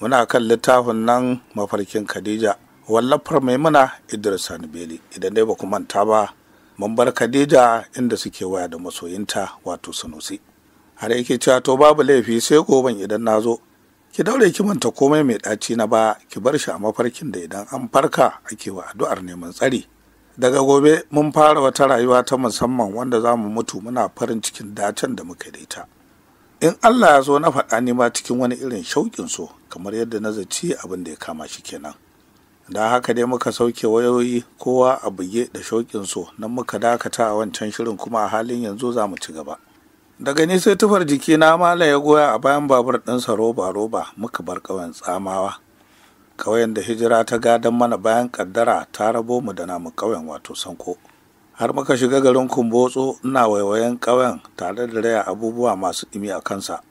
muna kan littafin nan mafarkin khadija wallafar maimuna idris beli idan dai ba ku manta ba mun bar khadija inda suke waya da masoyinta wato sanusi har yake cewa to babu laifi sai goben idan na zo ki daure ki manta komai mai ɗaci na ba ki bar shi a mafarkin da idan an farka ake wa addu'ar neman tsari daga gobe mun fara wata rayuwa ta musamman wanda za mu mutu muna farin cikin dacen da muka daita in allah ya zo na faɗa ni ma cikin wani irin shauƙin so kamar yadda na zaci abin da ya kama shi kenan da haka dai muka sauke wayoyi kowa a buge da shauƙin so nan muka dakata a wancan shirin kuma a halin yanzu za mu ci gaba daga ni sai tufar jiki na mala ya goya a bayan babur ɗinsa roba roba muka bar ƙauyen tsamawa ƙauyen da hijira ta gadon mana bayan ƙaddara ta rabo mu da namu ƙauyen wato sanko har muka shiga garin kumbotso ina waiwayen ƙauyen tare da raya abubuwa masu ɗimi a kansa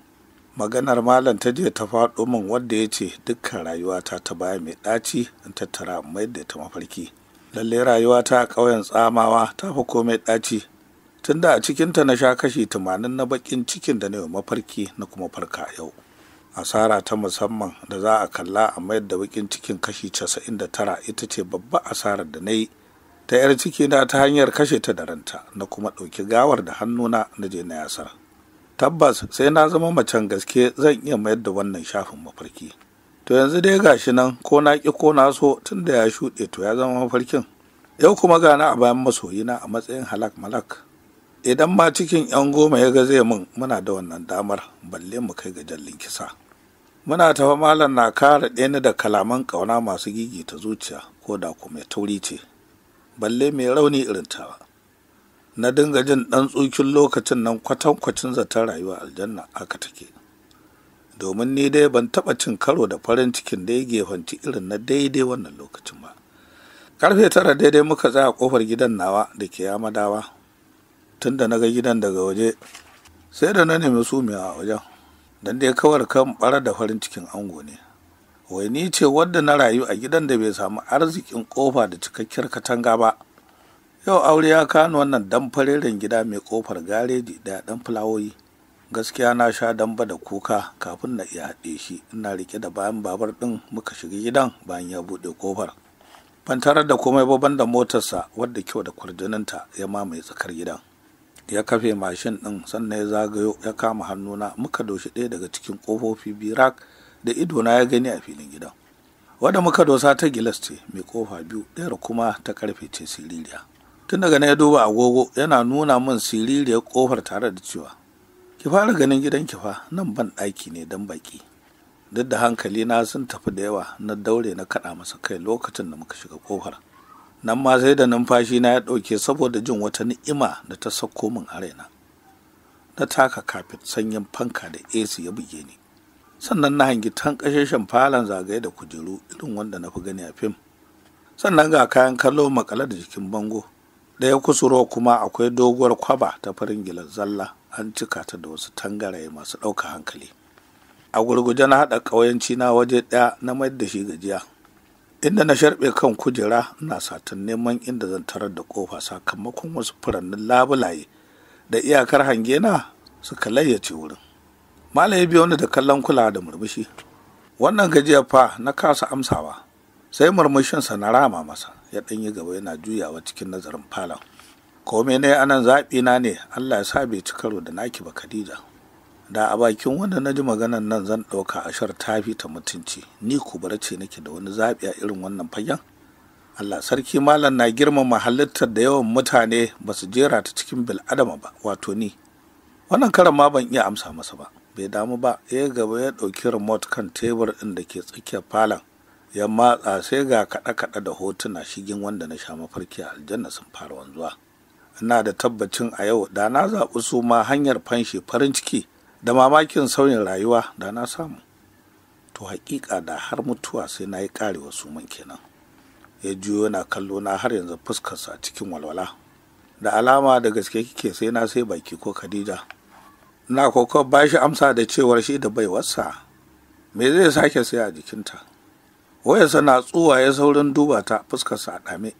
maganar malam ta je ta faɗo min wadda ya ce dukkan rayuwata ta baya mai ɗaci in tattara mai da ta mafarki lallai rayuwata a ƙauyen tsamawa ta fi komai ɗaci tunda a cikinta na sha kashi tumanin na baƙin cikin da na yi mafarki na kuma farka yau asara ta musamman da za a kalla a mayar da baƙin cikin kashi casa'in da tara ita ce babba asarar da na yi ta yar ciki na ta hanyar kashe ta da ranta na kuma ɗauki gawar da hannuna na je na yasar tabbas sai na zama macen gaske zan iya mayar da wannan shafin mafarki to yanzu dai gashi nan ko na ƙi ko na so tun da ya shuɗe to ya zama mafarkin yau kuma gana a bayan masoyina a matsayin halak malak idan ma cikin yan goma ya ga zai mun, muna da wannan damar balle mu kai ga jallin kisa muna tafa malam na kara ɗaya da kalaman ƙauna masu gigita zuciya ko da kuma tauri ce balle mai rauni irin ta ba. na dinga jin ɗan tsukin lokacin nan kwatankwacin zata rayuwa aljanna aka take domin ni dai ban taɓa cin karo da farin cikin da yake irin na daidai wannan lokacin ba karfe tara daidai muka tsaya kofar gidan nawa da ke yamadawa tun da na ga gidan daga waje sai da na nemi sumiya a wajen don dai kawar kan bara da farin cikin ango ne wai ni ce wadda na rayu a gidan da bai samu arzikin kofa da cikakkiyar katanga ba yau aure ya kano wannan dan gida mai kofar gareji da dan fulawoyi gaskiya na sha damba da kuka kafin na iya haɗe shi ina rike da bayan babar ɗin muka shiga gidan bayan ya buɗe kofar ban tarar da komai ba banda motarsa wadda kyau da kwarjininta ya mamaye tsakar gidan ya kafe mashin ɗin sannan ya zagayo ya kama hannuna muka doshi ɗaya daga cikin ƙofofi birak da idona ya gani a filin gidan wadda muka dosa ta gilas ce mai kofa biyu ɗaya da kuma ta karfe ce siririya tun daga na ya duba agogo yana nuna min siririyar kofar tare da cewa ki fara ganin gidan ki fa nan ban ɗaki ne don baki duk da hankali na sun tafi da yawa na daure na kaɗa masa kai lokacin da muka shiga kofar nan ma sai da numfashi na ya ɗauke saboda jin wata ni'ima da ta sauko min a raina na taka kafin sanyin fanka da ac ya buge ni sannan na hangi tan kasheshen falon zagaye da kujeru irin wanda na fi gani a fim sannan ga kayan kallo makale da jikin bango da ya kusuro kuma akwai doguwar kwaba ta farin gilar zalla an cika ta da wasu tangaraye masu ɗauka hankali a gurguje na haɗa ƙauyenci na waje ɗaya na mayar da shi gajiya inda na sharɓe kan kujera na satan neman inda zan tarar da ƙofa sakamakon wasu furannin labulaye da iyakar hangena suka layyace wurin malam ya biya wani da kallon kula da murmushi wannan gajiya fa na kasa amsawa sai murmushinsa na rama masa ya yi gaba yana juyawa cikin nazarin falon kome ne anan zaɓi na ne allah ya sa bai ci karo da naki ba khadija da a bakin wanda na ji maganan nan zan ɗauka ashar tafi ta mutunci ni kubara ce nake da wani zaɓi a irin wannan fagen allah sarki malam na girmama halittar da yawan mutane ba su jera ta cikin bil'adama ba wato ni wannan karan ma ban iya amsa masa ba bai damu ba ya gaba ya ɗauki remote kan tebur ɗin da ke tsakiyar falon ya matsa sai ga kaɗe-kaɗe da hotuna shigin wanda na sha mafarki a aljanna sun fara wanzuwa ina da tabbacin a yau da na zaɓi su ma hanyar fanshi, farin ciki da mamakin sauyin rayuwa da na samu to haƙiƙa da har mutuwa sai na yi ƙarewa su man kenan ya juyo yana kallo na har yanzu fuskarsa cikin walwala da alama da gaske kike sai na sai baki ko khadija na koko ba shi amsa da cewar shi da baiwarsa me zai sake sai a jikinta wayarsa na tsuwa ya saurin duba ta fuskarsa sa ɗame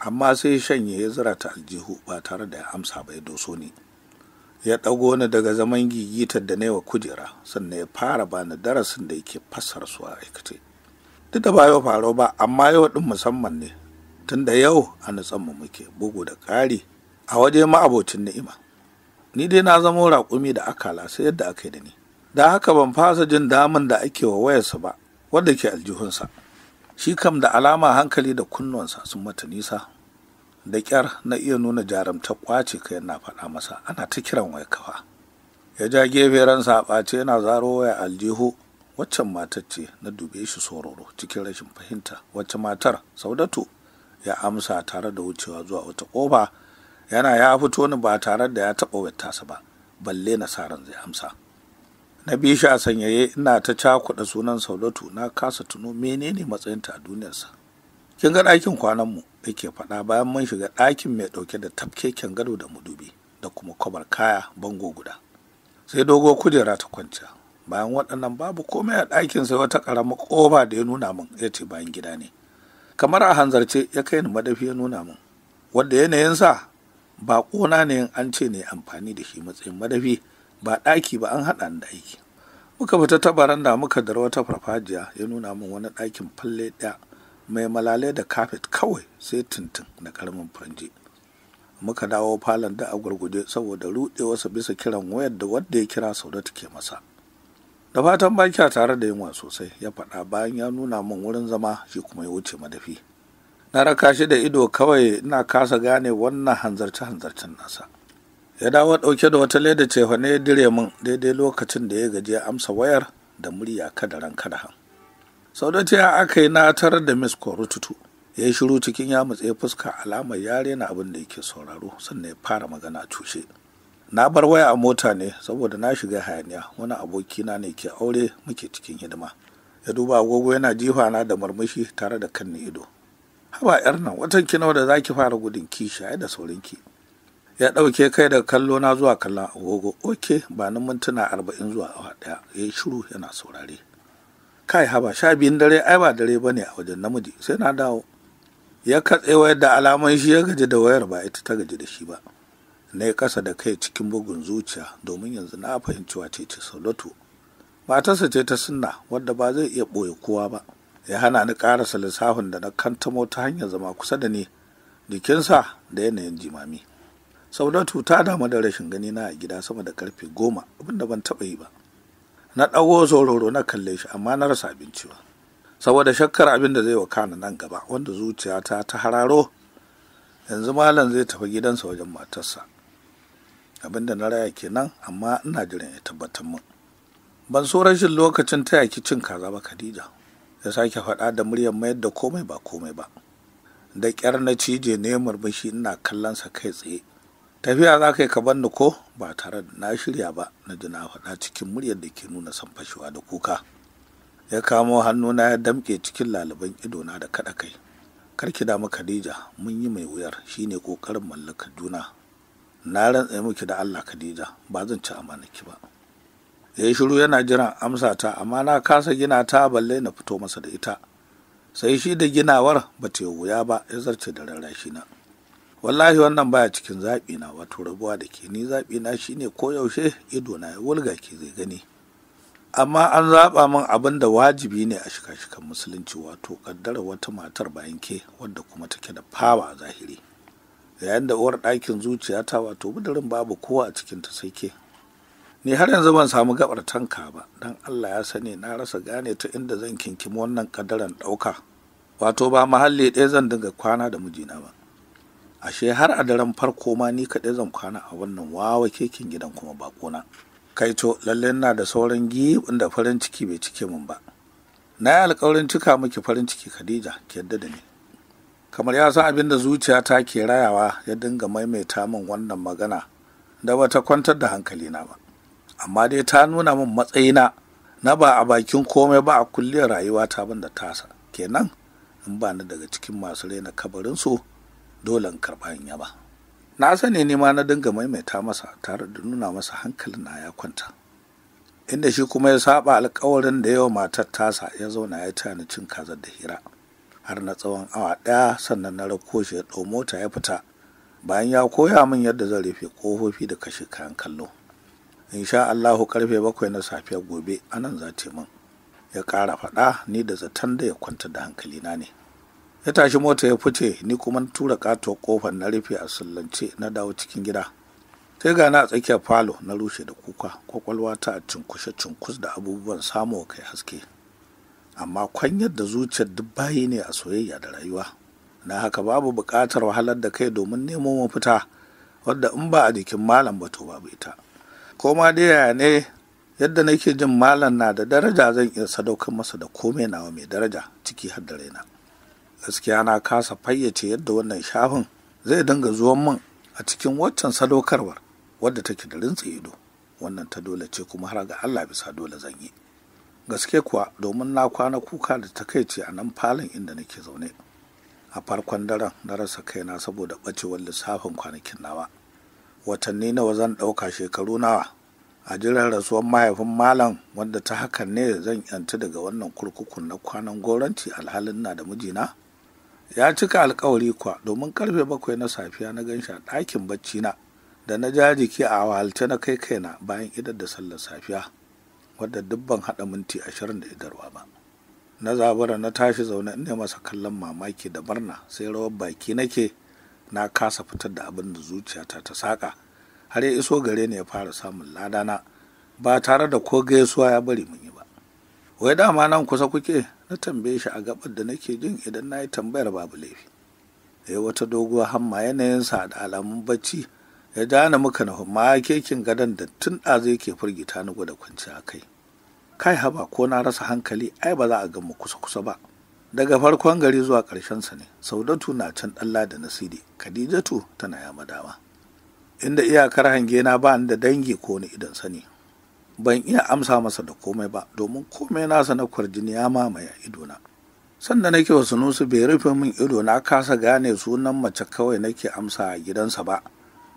amma sai shanye ya zira ta aljihu ba tare da amsa bai ya doso ni ya ɗago ni daga zaman gigitar da ne wa kujera sannan ya fara bani darasin da yake fassar su a aikace duk da ba yau faro ba amma yau din musamman ne tunda yau a nutsan mu muke bugu da ƙari a waje ma'abocin ni'ima ni dai na zama raƙumi da akala sai yadda aka yi da ni da haka ban fasa jin daman da ake wa wayarsa ba wanda ke aljihunsa shi kam da alama hankali da kunnuwansa sun mata nisa da ƙyar na iya nuna jarumta kwace kai na faɗa masa ana ta kiran waya kafa ya ja gefe ransa a ɓace yana zaro waya aljihu waccan matar ce na dube shi sororo cikin rashin fahimta wacce matar saudatu ya amsa tare da wucewa zuwa wata ƙofa yana ya fito ni ba tare da ya taɓa sa ba balle na nasaran zai amsa na bi shi a sanyaye ina ta cakuɗa sunan saudatu na kasa tuno menene matsayinta a duniyarsa kin ga ɗakin kwanan mu yake faɗa bayan mun shiga ɗakin mai ɗauke da tafkeken gado da mudubi da kuma kwabar kaya bango guda sai dogo kujera ta kwanciya bayan waɗannan babu komai a ɗakin sai wata ƙarama ƙofa da ya nuna min ya ce bayan gida ne kamar a hanzarce ya kai ni madafi ya nuna min wanda sa? ba ƙona ne an ce ne amfani da shi matsayin madafi ba ɗaki ba an haɗa da aiki muka fita ta baranda muka dar wata farfajiya ya nuna min wani ɗakin falle ɗaya mai malalai da kafet kawai sai tuntun da ƙaramin farji muka dawo falon da a gurguje saboda wasu bisa kiran wayar da wanda ya kira saudatu ke masa da fatan bakiya tare da yunwa sosai ya faɗa bayan ya nuna min wurin zama shi kuma ya wuce madafi na raka shi da ido kawai na kasa gane wannan hanzarce-hanzarcen nasa ya dawo ɗauke da wata leda ce, ya dire min daidai lokacin da ya gaji ya amsa wayar da murya kada kadahan sau da ce aka yi natar da miss korututu ya yi shiru cikin ya mutse fuska alamar ya rena abin da yake sauraro sannan ya fara magana a tushe na bar waya a mota ne saboda na shiga hayaniya wani abokina ne ke aure muke cikin hidima ya duba agogo yana jifa na da murmushi tare da kan ido haba yar nan watan ki nawa da zaki fara gudun kishi da ki. ya ɗauke kai daga kallo na zuwa kallon agogo oke ba nan mintuna arba'in zuwa awa ɗaya ya yi shiru yana saurare kai haba sha biyun dare ai ba dare ba ne a wajen namiji sai na dawo ya katse wayar da alaman shi ya gaji da wayar ba ita ta gaji da shi ba na yi ƙasa da kai cikin bugun zuciya domin yanzu na fahimci wace ce salatu matarsa ce ta sunna wadda ba zai iya ɓoye kowa ba ya hana ni karasa lissafin da na kantamo ta hanyar zama kusa da ni jikinsa da yanayin jimami saudatu ta damu da rashin gani na a gida sama da karfe goma abinda ban taba yi ba na ɗago zororo na kalle shi amma na rasa abinci ba saboda shakkar abin da zai wakana nan gaba wanda zuciyata ta hararo yanzu malam zai tafi gidansa wajen matarsa abin da na raya kenan amma ina jiran ya tabbatar min ban so rashin lokacin taya ki cin kaza ba khadija ya sake faɗa da muryar mayar da komai ba komai ba da ƙyar na cije ne murmushi ina kallonsa kai tsaye tafiya za ka yi ka banni ko ba tare da na shirya ba na ji na faɗa cikin muryar da ke nuna son fashewa da kuka ya kamo hannu na ya damƙe cikin laliban idona da kaɗa kai karki da mu khadija mun yi mai wuyar shine kokarin mallakar juna na rantsa miki da allah khadija ba zan ci amanaki ba ya yi shiru yana jiran amsa ta amma na kasa gina ta balle na fito masa da ita sai shi da ginawar ba ta wuya ba ya zarce da rarrashi na wallahi wannan baya cikin zaɓi na wato rabuwa da ke ni zaɓi na shine koyaushe ido na ya wulga ke zai gani amma an zaɓa min abin da wajibi ne a shika-shikan musulunci wato kaddara wata matar bayan ke wadda kuma take da fawa a zahiri yayin da uwar ɗakin zuciya wato budurin babu kowa a cikinta sai ke ni har yanzu ban samu gabar tanka ba don allah ya sani na rasa gane ta inda zan kinkimi wannan kadaran ɗauka wato ba mahalli ɗaya zan dinga kwana da mijina ba ashe har a daren farko ma ni kaɗai zan kwana a wannan wawa kekin gidan kuma bakona kai to lallai na da sauran giɓin da farin ciki bai cike min ba na yi alkawarin cika miki farin ciki khadija ki yadda da ni kamar ya san abin da zuciyata ke rayawa ya dinga maimaita min wannan magana da bata kwantar da hankalina ba amma dai ta nuna min matsayina na ba a bakin komai ba a kulle rayuwa ta ban da tasa kenan in ba ni daga cikin masu raina kabarinsu dole in karɓa in yaba na sani ne ma na dinga maimaita masa tare da nuna masa hankalin na ya kwanta inda shi kuma ya saba alkawarin da yawa matar tasa ya zauna ya tani cin kazar da hira har na tsawon awa ɗaya sannan na rako shi ya ɗau mota ya fita bayan ya koya min yadda zan rufe ƙofofi da kashe kayan kallo In sha Allahu karfe bakwai na safiya gobe anan za ta min ya ƙara faɗa ni da zaton da ya kwanta da hankali na ne ya tashi mota ya fice ni kuma tura katuwar kofar na rufe a sullance na dawo cikin gida sai ga na a tsakiyar falo na rushe da kuka kwakwalwa ta a cinkushe cinkus da abubuwan samu kai haske amma kwanyar da zuciyar duk bayi ne a soyayya da rayuwa na haka babu buƙatar wahalar da kai domin nemo mafita wadda in ba a jikin malam bato babu ita koma dai yaya ne yadda nake jin malam na da daraja zan iya sadaukar masa da komai nawa mai daraja ciki har da raina gaskiya na kasa fayyace yadda wannan shafin zai dinga zuwan min a cikin waccan sadaukarwar wadda take da rintsa ido wannan ta dole ce kuma har ga Allah bisa dole zan yi gaske kuwa domin na kwana kuka da takaici a nan falon inda nake zaune a farkon daren na rasa kaina saboda ɓacewar lissafin kwanakin nawa watanni nawa zan ɗauka shekaru nawa a jiran rasuwar mahaifin malam wanda ta hakan ne zan yanci daga wannan kurkukun na kwanan goronci, alhalin na da mijina ya cika alkawari kuwa, domin karfe bakwai na safiya na ganshi a ɗakin bacci na da na ja jiki a wahalce na kai kaina bayan idar da sallar safiya wadda dubban haɗa minti ashirin da idarwa ba na zabura na tashi zaune ne masa kallon mamaki da barna, sai rawar baki nake na kasa fitar da abin da zuciyata ta saƙa har ya iso gare ni ya fara samun ladana ba tare da ko gaisuwa ya bari mun yi ba wai dama nan kusa kuke na tambaye shi a gabar da nake jin idan na yi tambayar babu laifi ya eh, wata doguwa hamma yanayinsa da alamun bacci ya ja dana muka na ma kekin gadon da tun ɗazu yake firgita ni gwada kwanci a kai kai haba ko na rasa hankali ai ba za a gan mu kusa kusa ba daga farkon gari zuwa ƙarshen sa ne saudatu na can ɗalla da nasiri khadijatu tana yama dama inda iyakar hange na ba da dangi ko ni idan sani ban iya amsa masa da komai ba domin komai nasa na kwarjini ya mamaye idona sanda nake wasu nusu bai rufe min ido na kasa gane sunan mace kawai nake amsa a gidansa ba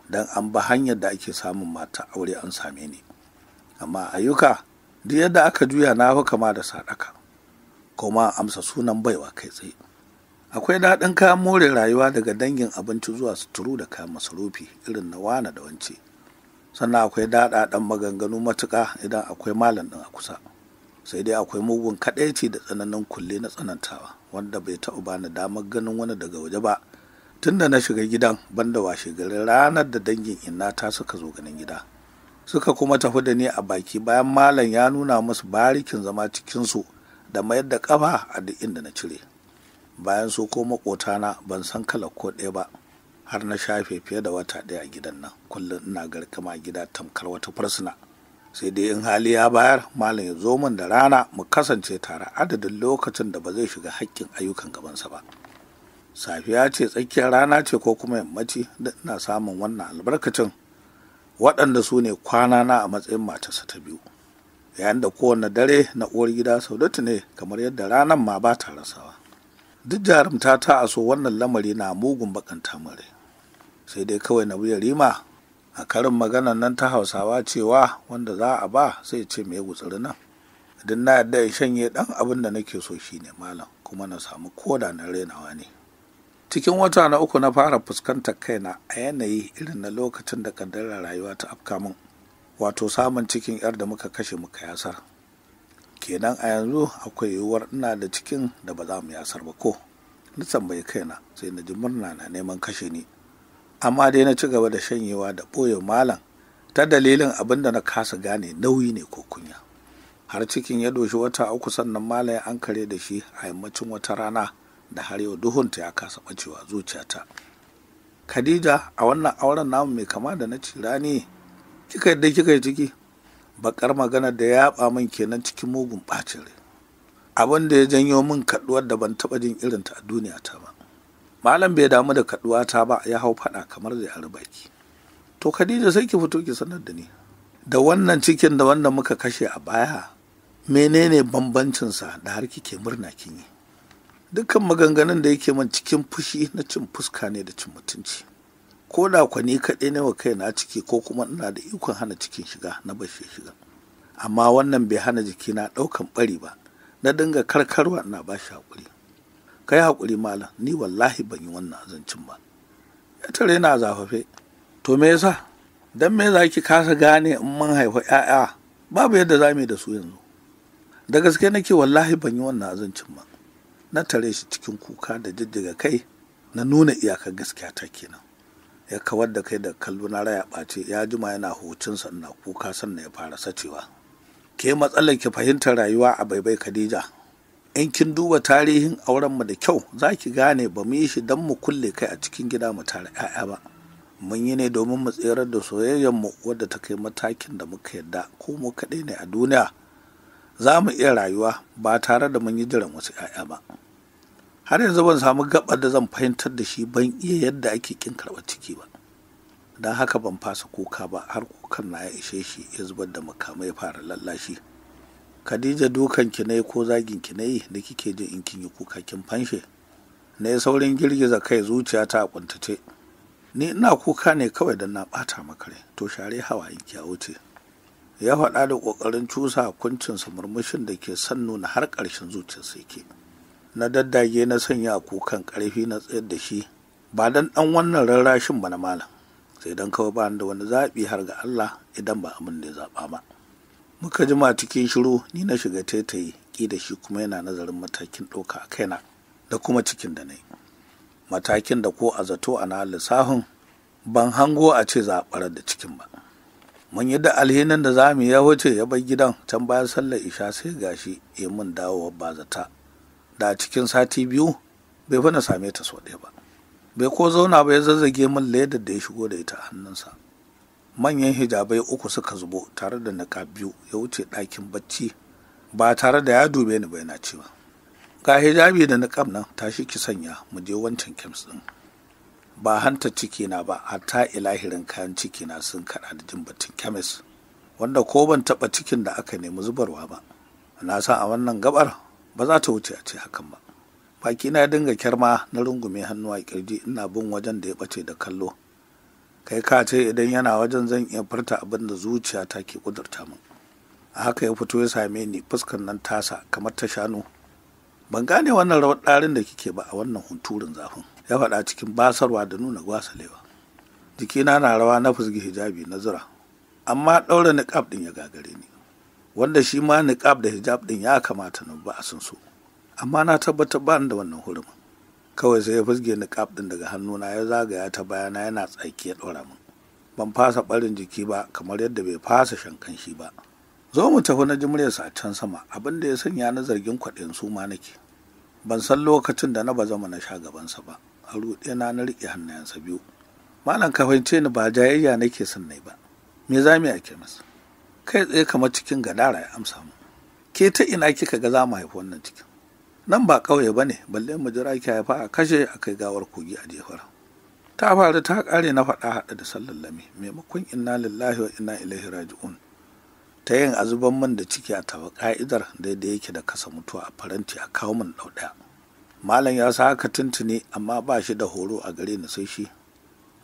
don an ba hanyar da ake samun mata aure an same ni amma ayyuka duk yadda aka juya na fi kama da sadaka kuma amsa sunan baiwa kai tsaye akwai daɗin kayan more rayuwa daga dangin abinci zuwa suturu da kayan masarufi irin na wana da wance sannan akwai daɗaɗen maganganu matuƙa idan akwai malam ɗin a kusa sai dai akwai mugun kaɗaici da tsananin kulle na tsanantawa wanda bai taɓa bani damar ganin wani daga waje ba tun da na shiga gidan banda washe garin ranar da dangin innata suka zo ganin gida suka kuma tafi da ni a baki bayan malam ya nuna musu barikin zama cikinsu da mayar da ƙafa a duk inda na cire bayan su ko makotana ban san kala ko ɗaya ba har na shafe fiye da wata ɗaya a gidan nan kullum ina garkama gida tamkar wata farsuna sai dai in hali ya bayar malam ya zo min da rana mu kasance tare adadin lokacin da ba zai shiga haƙƙin ayyukan gabansa ba safiya ce tsakiyar rana ce ko kuma yammaci da ina samun wannan albarkacin waɗanda su ne kwanana a matsayin matarsa ta biyu yayin da kowane dare na uwar gida saudatu ne kamar yadda ranar ma ba ta rasawa duk jarumta ta a so wannan lamari na mugun bakanta tamare. sai dai kawai na wuya rima a karin maganan nan ta hausawa cewa wanda za a ba sai ce mai gutsuri nan idan na yadda ya shanye dan abin da nake so shine malam kuma na samu koda na renawa ne cikin wata na uku na fara fuskantar kaina a yanayi irin na lokacin da kaddarar rayuwa ta afka min wato samun cikin yar da muka kashe muka yasar kenan a yanzu akwai yiwuwar ina da cikin da ba za mu yasar ba ko na tambayi kaina sai na ji murna na neman kashe ni amma dai na ci gaba da shanyewa da ɓoye malam ta dalilin abin da na kasa gane nauyi ne ko kunya har cikin ya doshi wata uku sannan malam ya ankare da shi a yammacin wata rana da har yau duhunta ya kasa ɓacewa zuciyata khadija a wannan auren namu mai kama da na cirani kika yadda kika yi ciki bakar magana da ya ba min kenan cikin mugun bacin rai abin da ya janyo min kaduwar da ban taba jin irin ta a duniya ta ba malam bai damu da kaduwa ta ba ya hau fada kamar da ya baki to khadija sai ki fito ki sanar da ni da wannan cikin da wannan muka kashe a baya menene bambancinsa da har kike murna kin yi dukkan maganganun da yake man cikin fushi na cin fuska ne da cin mutunci ko da kwani kaɗai ne wa kaina a ciki ko kuma ina da ikon hana cikin shiga na bashe shiga amma wannan bai hana jiki na ɗaukan ɓari ba na dinga karkarwa ina ba shi haƙuri kai haƙuri malam ni wallahi ban yi wannan azancin ba ya tare na zafafe to me yasa dan me za ki kasa gane in mun haifa 'ya'ya babu yadda za mu yi da su yanzu da gaske nake wallahi ban yi wannan azancin ba na tare shi cikin kuka da jijjiga kai na nuna iyakar gaskiya ta kenan ya kawar da kai da kallo na raya ɓace ya jima yana hucinsa na kuka sannan ya fara sacewa ke matsalar ki fahimtar rayuwa a baibai khadija in kin duba tarihin aurenmu da kyau za ki gane ba mu yi shi don mu kulle kai a cikin gida mu tare 'ya'ya ba mun yi ne domin mu tserar da soyayyarmu wadda ta kai matakin da muka yadda ko mu kaɗai ne a duniya za mu iya rayuwa ba tare da mun yi jiran wasu 'ya'ya ba har yanzu ban samu gabar da zan fahimtar da shi ban iya yadda ake kin karɓar ciki ba don haka ban fasa kuka ba har kukan na ya ishe shi ya zubar da makamai ya fara lallashi khadija dukan ki ne ko zagin ki ne da kike jin in kin yi kuka kin fanshe Na yi saurin girgiza kai zuciya ta kuntace ni ina kuka ne kawai don na bata maka rai to share in ki a wuce ya faɗa da ƙoƙarin cusa kuncinsa murmushin da ke son nuna har ƙarshen zuciyarsa yake. ke na daddage na sanya a kukan ƙarfi na tsayar da shi ba dan dan wannan rarrashin ba na malam sai dan kawai ba da wani zaɓi har ga Allah idan ba abin da ya zaɓa ba muka jima cikin shiru ni na shiga taitayi ki da shi kuma yana nazarin matakin ɗauka a kaina da kuma cikin da na matakin da ko a zato a na lissafin ban hango a ce zaɓar da cikin ba mun yi da alhinin da za zamu ya wuce ya bar gidan can bayan sallar isha sai gashi ya mun dawowa ba zata da cikin sati biyu bai fa na same ta sau ɗaya ba bai ko zauna ba ya zazzage min leda da ya shigo da ita hannunsa manyan hijabai uku suka zubo tare da naka biyu ya wuce ɗakin bacci ba tare da ya dube ni ba yana cewa ga hijabi da niƙam nan Ta shi ki sanya mu je wancan kims ɗin ba hanta ciki na ba hatta ilahirin kayan ciki na sun kaɗa da jin batun kemis wanda ko ban taɓa cikin da aka nemi zubarwa ba na san a wannan gabar ba za ta wuce a ce hakan ba baki na dinga kyarma na rungume hannu a kirji ina bin wajen da ya bace da kallo kai ka ce idan yana wajen zan iya furta abin da zuciya ta ke kudurta min a haka ya fito ya same ni fuskar nan tasa kamar ta shanu ban gane wannan rawar ɗarin da kike ba a wannan hunturin zafin ya faɗa cikin basarwa da nuna gwasalewa jikina na rawa na fusgi hijabi na zura amma ɗaura niƙaf ɗin ya gagare ni wanda shi ma niqab da hijab din ya kamata na ba a sun so amma na tabbatar ba da wannan hurumin kawai sai ya fusge niqab din daga hannuna ya zagaya ta bayana yana tsaki ya ɗora min ban fasa ɓarin jiki ba kamar yadda bai fasa shankan shi ba zo mu tafi na jimriyarsa a can sama abin da ya sanya na zargin kwaɗin su ma nake ban san lokacin da na ba zama na sha gabansa ba a ruɗe na na riƙe hannayensa biyu malam ka fahimce ni ba jayayya nake son nai ba me za mu yi a kemis kai tsaye kamar cikin gadara ya amsa mu ke ta ina kika ga za mu haifi wannan cikin nan ba ƙauye ba ne balle mu jira ki haifa a kashe a kai gawar kogi a jefar ta faru ta ƙare na faɗa haɗa da sallallami maimakon inna lillahi wa inna ilaihi raji'un ta yin azuban man da ciki a tafa ka'idar daidai yake da kasa mutuwa a faranti a kawo min ɗau ɗaya malam ya sa haka tuntuni amma ba shi da horo a gare ni sai shi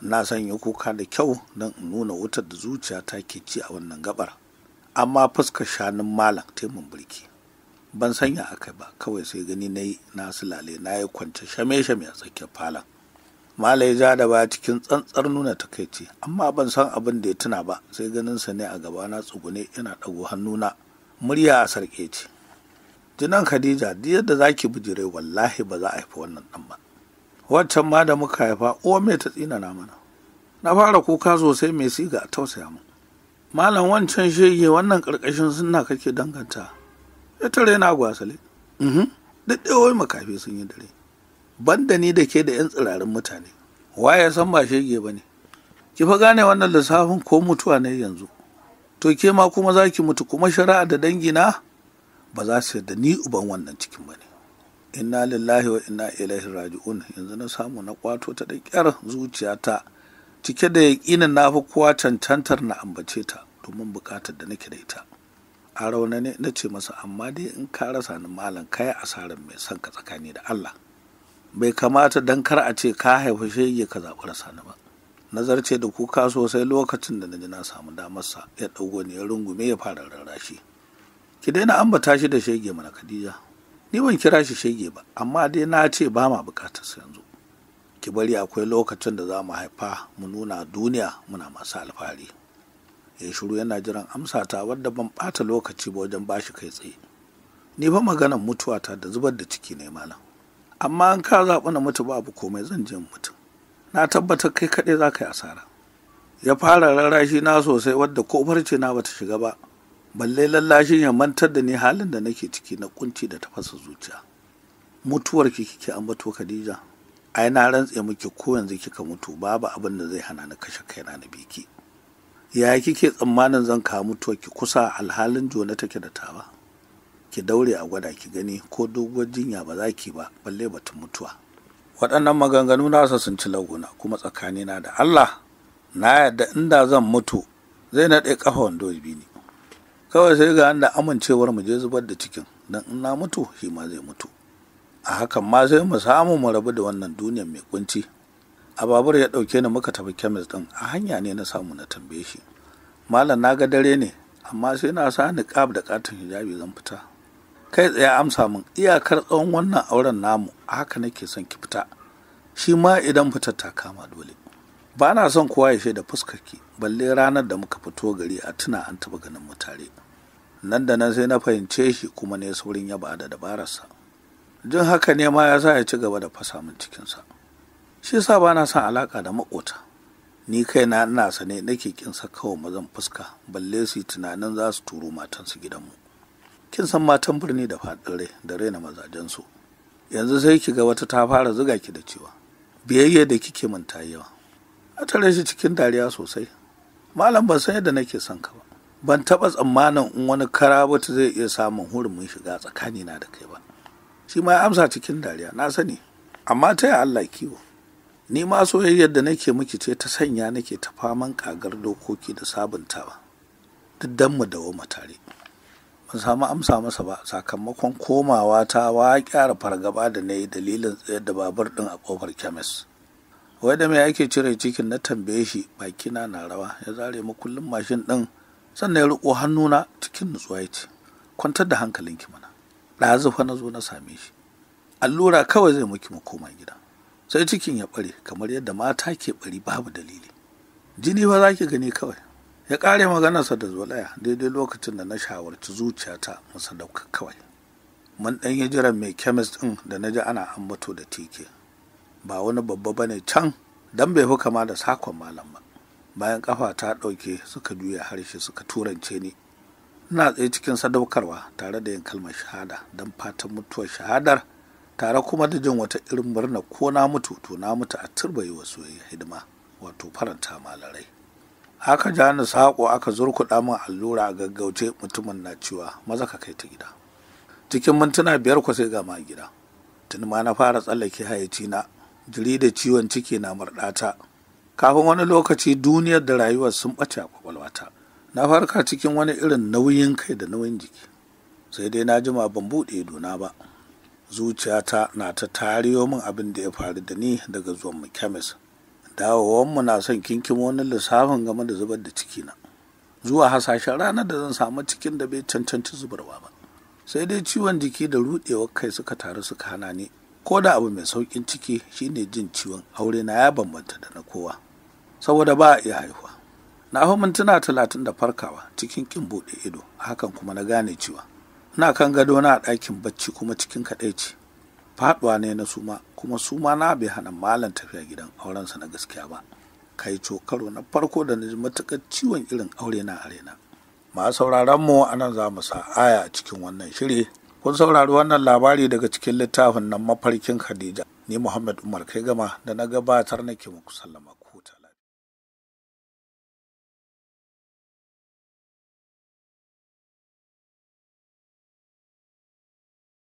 na sanya kuka da kyau don in nuna wutar da zuciya ta ke ci a wannan gabar amma fuskar shanun malam taimun birki ban sanya aka ba kawai sai gani na yi na sulale na yi kwance shame-shame a tsakiyar falon malai ja da baya cikin tsantsar nuna takaici amma ban san abin da ya tuna ba sai ganin sa ne a gaba na tsugune yana ɗago na. murya a sarƙe ce jinan khadija duk yadda zaki bijire wallahi ba za a haifi wannan ɗan ba waccan ma da muka haifa uwa mai ta tsina na mana na fara kuka sosai mai siga a tausaya mu malam wancan shege wannan karkashin sunna kake danganta ya tare yana gwasale mhm. duk ɗawai makafi sun yi dare banda ni da ke da yan tsirarin mutane waye san ba shege ba ne ki fa gane wannan lissafin ko mutuwa ne yanzu to ke ma kuma za ki mutu kuma shari'a da dangina ba za su yadda ni uban wannan cikin ba ne inna lillahi wa inna ilaihi raji'un yanzu na samu na kwato ta da kyar zuciyata cike da yaƙinin na fi kowa cancantar na ambace ta domin buƙatar da nake da ita a rauna ne, na ce masa amma dai in ka rasa ni malam kai asarar mai son ka tsakani da Allah bai kamata dan kar a ce ka haifa shege ka zaɓi rasa ni ba ce da kuka sosai lokacin da na ji na samu damar sa, ya ɗau wani ya rungume ya fara rarrashi ki daina ambata shi da shege mana Khadija ni ban kira shi shege ba amma dai na ce ba ma bukatar yanzu ki bari akwai lokacin da za mu haifa mu nuna duniya muna masu alfahari ya shiru yana jiran amsa ta wadda ban ɓata lokaci ba wajen bashi kai tsaye ni ba maganar mutuwata da zubar da ciki ne malam amma an ka zaɓi na mutu babu komai zan je mutum na tabbatar kai kaɗai za ka yi asara ya fara rarrashi na sosai wadda ko farce na bata shiga ba balle lallashin ya mantar da ni halin da nake ciki na kunci da tafasa zuciya mutuwar ki kike ambato Khadija ai na rantse miki ko yanzu kika mutu babu abin da zai hana ni kashe kaina na biki ya kike tsammanin zan kawo mutuwa ki kusa alhalin jona take da tawa ki daure a gwada ki gani ko doguwar jinya ba za ki ba balle batun mutuwa waɗannan maganganu nasa sun ci laguna kuma tsakanina da allah na yadda inda zan mutu zai naɗe ƙafa wando bi ne kawai sai ga da amincewar mu je zubar da cikin don in na mutu shi ma zai mutu a hakan ma sai mu samu mu rabu da wannan duniyar mai kunci a babur ya ɗauke ni muka tafi kemis ɗin a hanya ne na samu na tambaye shi malam na ga dare ne amma sai na sa ni kab da katin hijabi zan fita kai tsaye amsa mun iyakar tsawon wannan auren namu a haka nake son ki fita shi ma idan fitar ta kama dole ba na son kowa ya shaida ki balle ranar da muka fito gari a tuna an taɓa ganin mu tare nan da nan sai na fahimce shi kuma ne saurin ya ba da dabararsa Jin haka ne ma ya sa ya ci gaba da fasa min cikinsa shi sa ba na son alaƙa da maƙota ni kaina ina sane nake kin sakawa mazan fuska balle su tunanin za su turo matansu gidanmu kin san matan birni da faɗin rai da raina mazajensu yanzu sai ki ga wata ta fara zuga ki da cewa biyayya da kike min ta yawa a tare shi cikin dariya sosai malam ban san yadda nake son ka ba ban taɓa tsammanin in wani karabatu zai iya samun hurumin shiga tsakanina da kai ba shi ma ya amsa cikin dariya na sani amma ta yi allah kiwo ni ma soyayyar da nake miki ce ta sanya nake ta faman kagar dokoki da sabuntawa duk dan mu dawoma tare ban samu amsa masa ba sakamakon komawa ta wa kyara fargaba da na yi dalilin tsayar da babur din a kofar kemis wai da me ake cire cikin na tambaye shi bakina na rawa ya zare kullum mashin din sannan ya riko hannuna cikin nutsuwa ya ce kwantar da hankalinki mana ɗazufa na zo na same shi allura kawai zai muki mu koma gida sai cikin ya ɓare kamar yadda mata ke ɓari babu dalili jini fa za ki gani kawai ya ƙare maganarsa da zolaya daidai lokacin da na shawarci zuciyata masa dauka kawai mun ɗan yi jiran mai kemis ɗin da na ji ana ambato da tike ba wani babba ba ne can don bai fi kama da sakon malam ba bayan ƙafa ta ɗauke suka juya harshe suka turance ni ina tsaye cikin sadaukarwa tare da yin kalmar shahada don fatan mutuwar shahadar tare kuma da jin wata irin murna ko na mutu to na mutu a turbayi wa hidima wato faranta malarai haka ni saƙo aka zurkuɗa min allura a gaggauce mutumin na cewa maza ka kai ta gida cikin mintuna biyar ku sai gama gida tuni ma na fara tsallake hayaci na jiri da ciwon ciki na murɗata kafin wani lokaci duniyar da rayuwar sun ɓace a ƙwaƙwalwata na farka cikin wani irin nauyin kai da nauyin jiki sai dai na jima ban buɗe duna ba zuciyata na ta tariyo min abin da ya faru da ni daga zuwan mu kemis dawowanmu na son kinkin wani lissafin game da zubar da ciki na zuwa hasashen ranar da zan samu cikin da bai cancanci zubarwa ba sai dai ciwon jiki da ruɗewar kai suka taru suka hana ni ko da abu mai saukin ciki shine jin ciwon aure na ya bambanta da na kowa saboda ba a iya haihuwa na hau mintuna talatin da farkawa cikin kin buɗe ido hakan kuma na gane cewa ina kan gado na a ɗakin bacci kuma cikin kaɗaici faɗuwa ne na suma kuma suma na bai hana malam tafiya gidan aurensa na gaskiya ba kai cokaro na farko da na ji matuƙar ciwon irin aure na arena masu sauraron mu a nan za mu sa aya a cikin wannan shiri kun saurari wannan labari daga cikin littafin nan mafarkin khadija ni muhammad umar kai gama da na gabatar nake muku sallama